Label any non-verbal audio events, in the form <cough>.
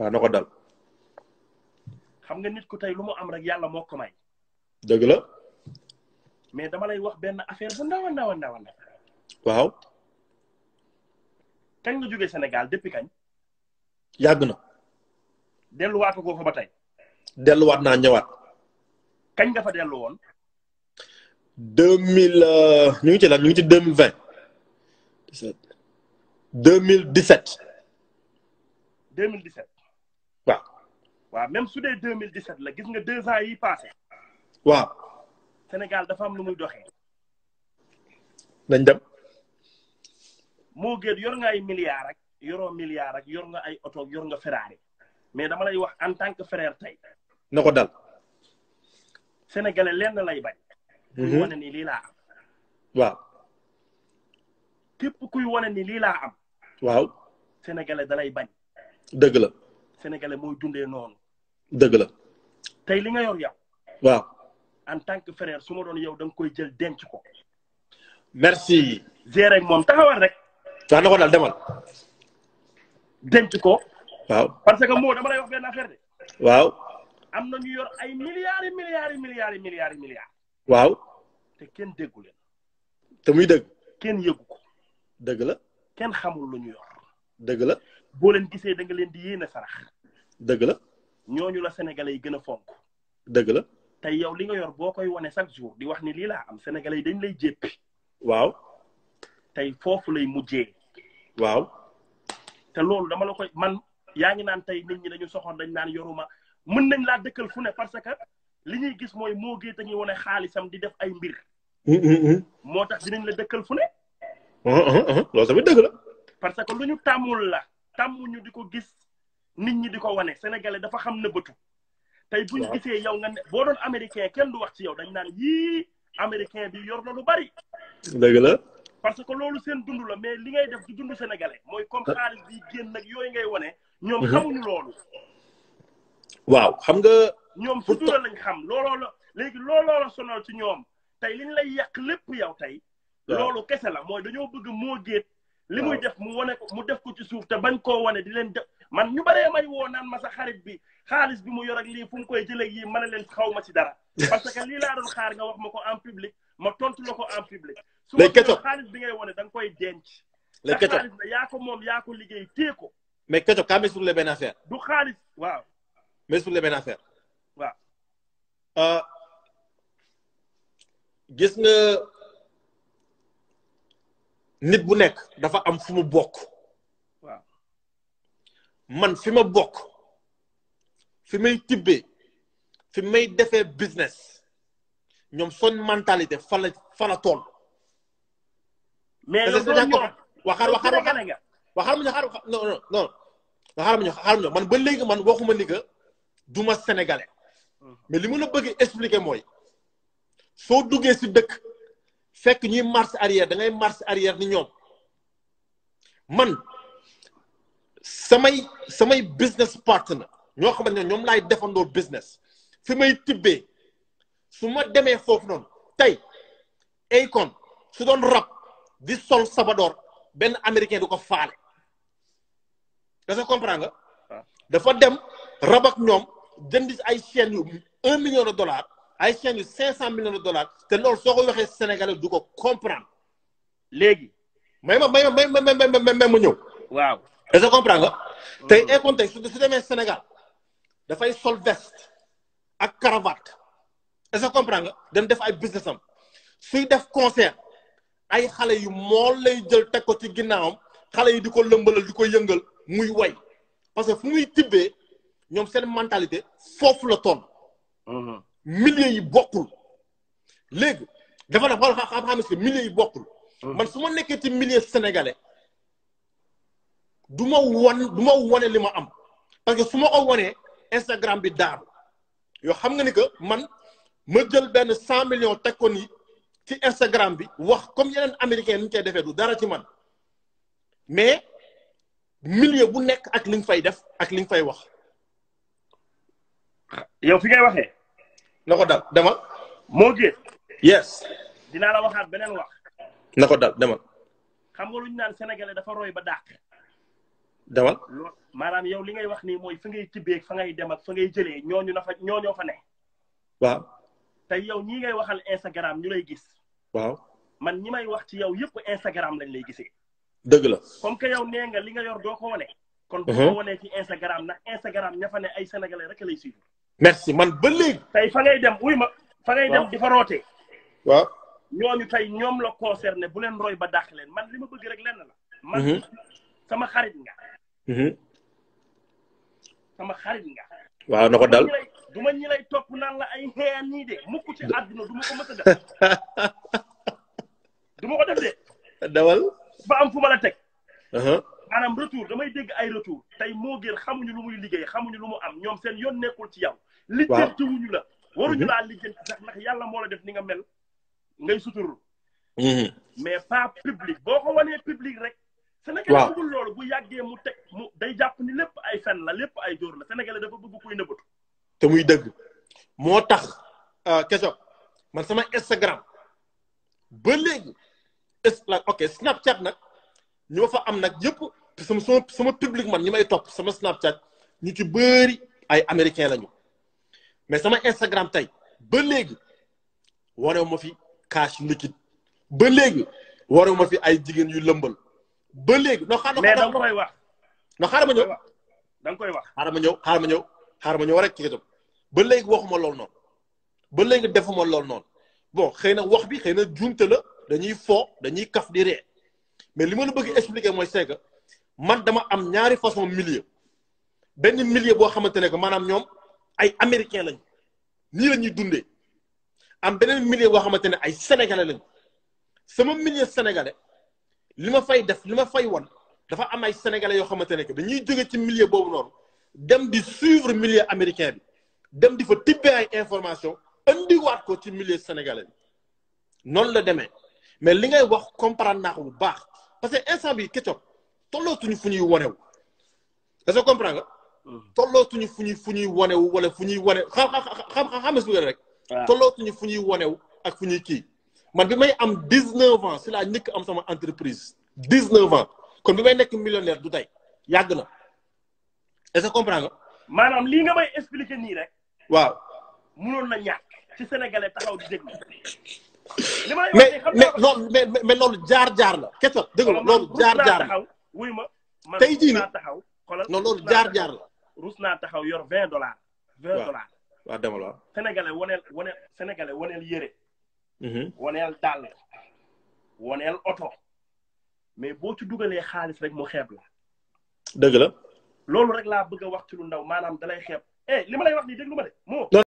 waaw na ko dal. xam nga nit ku tey lu mu am rek yàlla mokk may. dëgg la. mais dama lay wax benn affaire bu ndaw a ndaw a ndaw a ndaw. waaw. kañ nga jógee Sénégal depuis kañ. yàgg na. delluwaat ko fa ba tey. delluwaat naa ñëwaat. kañ nga fa dellu woon. deux mille euh, ñu ngi ci lan ñu ngi ci deux mille vingt. mille dix sept. mille dix waaw waaw même su dee 2017 la gis nga deux ans yi passé waaw Sénégal dafa am lu muy doxee nañ dem moo gën yor nga ay milliards ak yoroo milliards ak yor nga ay oto yor nga Ferrari mais dama lay wax en tant que frère tey na ko dal sénégalais lenn lay bañ kuy mhm. wane ni lii laa am waaw képp kuy wane ni lii laa am waaw sénégalais da lay bañ dëgg la sénégalais mooy dundee noonu. dëgg la. tey li nga yor yow. waaw. en tant que frère su ma doon yow da nga koy jël denc ko. merci. gérer ak moom taxawal rek. waaw na ko daal demal. denc ko. waaw parce que moo dama lay wax benn affaire de. waaw. am na ñu yor ay milliards yi milliards yi milliards yi milliards waaw. te kenn déggu leen. te muy dëgg. kenn yëgu ko. dëgg la. kenn xamul lu ñu yor. dëgg la. boo leen gisee da leen di yéene sarax. dëgg la ñooñu la sénégalais yi gën a fonk dëgg la tey yow li nga yor boo koy wane chaque jour di wax ni lii laa am sénégalais yi dañ lay jéppi waaw tey foofu lay mujjee waaw te loolu dama la koy man yaa ngi naan tey nit ñi dañu soxoon dañ naan yoruma mën nañ laa dëkkal fu ne parce que li ñuy gis mooy moo gee dañuy wone xaalisam di def ay mbir moo tax dinañ la dëkkal fu ne loolu tamit dëgg parce que lu ñu tàmmul la tàmmuñu di ko gis nit ñi di ko wane sénégalais dafa xam nëbbatu tey buñu gisee yow nga ne boo doon américain kenn du wax ci yow dañ naan yii américain bi yor na lu bari dëgg la parce que loolu seen dund la mais li ngay def du dund sénégalais mooy comme ah. xaalis bi génn nag yooyu ngay wane ñoom mhm. xamuñu loolu waaw xam nga ñoom sutura lañ xam looloo la léegi loolu la sonal ci ñoom tey liñ lay yàq lépp yow tey loolu kese la mooy dañoo bëgg moo géet li muy def mu wone ko mu def ko ci suuf te bañ koo wane di leen def man ñu baree may woo naan ma sa xarit bi xaalis bi mu yor ak lii koy jëlee yii mën a leen xaw ma ci dara. <laughs> parce que lii laa xaar nga wax ma ko en public ma tontu la ko en public. su ma xaalis bi ngay wane da nga koy denc. mais keco xaalis la yaa ko moom yaa liggéey téye ko. mais keco kaa mesul la benn affaire. du xaalis waaw. mesul la benn affaire. waaw. Euh, gis nga. nit bu nekk dafa am fu mu bokk waaw man fi ma bokk fi may tibbee fi may defee business ñoom son mentalité fa la fa la toll. mais loolu la ñu wax waxaar waxaar waxaar ma ñu xaar non ma ñu man ba léegi man waxuma ni que du ma sénégalais mm-hmm. mais li ma na bëgg expliquer mooy soo duggee si dëkk. fekk ñuy marche arrière da ngay marche arrière ni ñoom man samay samay business partner ñoo xamante ne ñoom laay defandoo business fi may tibbee su ma demee foofu noonu tey Akon su doon rab di sol Sabador benn américain du ko faale parce que ah. dafa dem rab ak ñoom jëndi ay chaînes yu un million de dollars haïtien 500 millions de dollars C'est loolu soo ko Sénégalais du comprendre Légui. Même, même, un même, may ma waaw est-ce que un contexte hein? mm. su un Sénégal dafay sol veste ak cravate est-ce que comprend? nga hein? dem def ay business am un concert ay xalé yu mo lay jël ko ci un parce que fu muy ñom mentalité est la hmm millier yi bokkul léegi dafa def xool xam-xam si milliers yi bokkul. Hmm. man su ma nekkee ci millier sénégalais du ma won du ma wone li ma am parce que su ma ko wonee Instagram bi daanu yoo xam nga ni que man ma jël benn cent millions teg ko ni ci Instagram bi wax comme yeneen américain ni ñu defee du dara ci man mais milieu bu nekk ak li nga fay def ak li nga fay wax. yow fi ngay waxee. na ko dal demal. moo gën. yes. dinaa la waxaat beneen wax. na ko dal demal. xam nga lu naan sénégalais dafa roy ba dàq. demal. maanaam yow li ngay wax ni mooy fa ngay tibbee fa ngay dem ak fa ngay jëlee ñooñu na fa ñooñoo fa ne. waaw. tey yow ñii ngay waxal Instagram ñu lay gis. waaw man ñi may wax ci yow yëpp Instagram lañ lay gisee. dëgg la comme que yow nee nga li nga yor doo ko wane. kon boo mhm. ko ci Instagram ndax Instagram ña fa ne ay sénégalais rek lay suivre. merci man ba léegi. tey fa ngay dem wuy ma. fa ngay dem di fa rootee. waaw ñooñu tey ñoom la concerné bu leen roy ba daax leen man li ma bëgg rek lenn la. man mhm. sama xarit nga. Mhm. sama xarit nga. waaw na ko dal ma ñi topp naan la ay xeeyaan nii de mukk ci àdduna du ma ko mës a <laughs> ko def dawal. ba am fu ma la teg. Uh-huh. maanaam retour damay dégg ay retour tey moo gën xamuñu lu muy liggéey xamuñu lu mu am ñoom seen yoon nekkul ci yow. lijjanti wuñu la waruñu mhm. laa lijjanti sax ndax yàlla moo la def ni nga mel ngay suturu mhm. mais pas public boo ko wanee public rek Sénégalais bëggul loolu bu yàggee mu teg mu day jàpp ni lépp ay fen la lépp ay dóor la Sénégalais dafa bëgg kuy nëbbatu te muy dëgg moo tax euh, keso man sama Instagram ba léegi ok Snapchat nag ñu fa am nag yëpp suma sama sama public man ñi may topp suma Snapchat ñu ci bëri ay américain lañu mais sama Instagram tey ba léegi warew ma fi cash liquide ba léegi warew ma fi ay jigéen yu lëmbal ba léegi. no xaaral mais da nga koy wax. no xaaral ma ñëw da nga koy wax. xaaral ma ñëw xaaral ma ñëw xaaral ma ñëw rek ci rajo ba léegi waxuma lool noonu ba léegi defuma lool noonu bon xëy na wax bi xëy na juumte la dañuy fo dañuy kaf di ree mais li ma la bëgg expliquer mooy c'est que man dama am ñaari façon milieu benn milieu boo xamante ne que maanaam ñoom. ay ni lañ ni d'une, dundé am benen milliers bo ay sénégalais lañ sama milieu sénégalais lima fay def lima fay won dafa am ay sénégalais yo dañuy joggé ci milier bobu dem di suivre milieu américain bi dem di fa tibé ay information wat ko ci milieu sénégalais non la mais li ngay wax comprendre na ko parce que instant bi Ketchup fuñuy est-ce que comprendre Mm. tollootuñu fuñuy fuñuy fu wala fuñuy ñuy wane xam xam xam rek. waaw fuñuy fu ak fuñuy ñuy kii man bi may am 19 ans si la njëkk am sama entreprise 19 ans kon bi may nekk millionnaire du tay yàgg na est-ce que comprendre nga. maanaam lii nga may expliquer nii rek. waaw munoon na ñàkk ci sénégalais taxaw di déglu. li ma mais mais non mais mais loolu jaar jaar la. kese dëgg la loolu jaar jaar la wuy ma. tey jii nii non loolu jaar jaar la. rus naa taxaw yor vingt dollars. vingt dollars waaw demal waaw. sénégalais waneel waneel sénégalais waneel yére. waneel dàll. waneel oto. mais boo ci dugalee xaalis rek mu xeeb la. dëgg la. loolu rek laa bëgg a wax ci lu ndaw maanaam dalay xeeb eh li ma lay wax nii déglu ma de moo.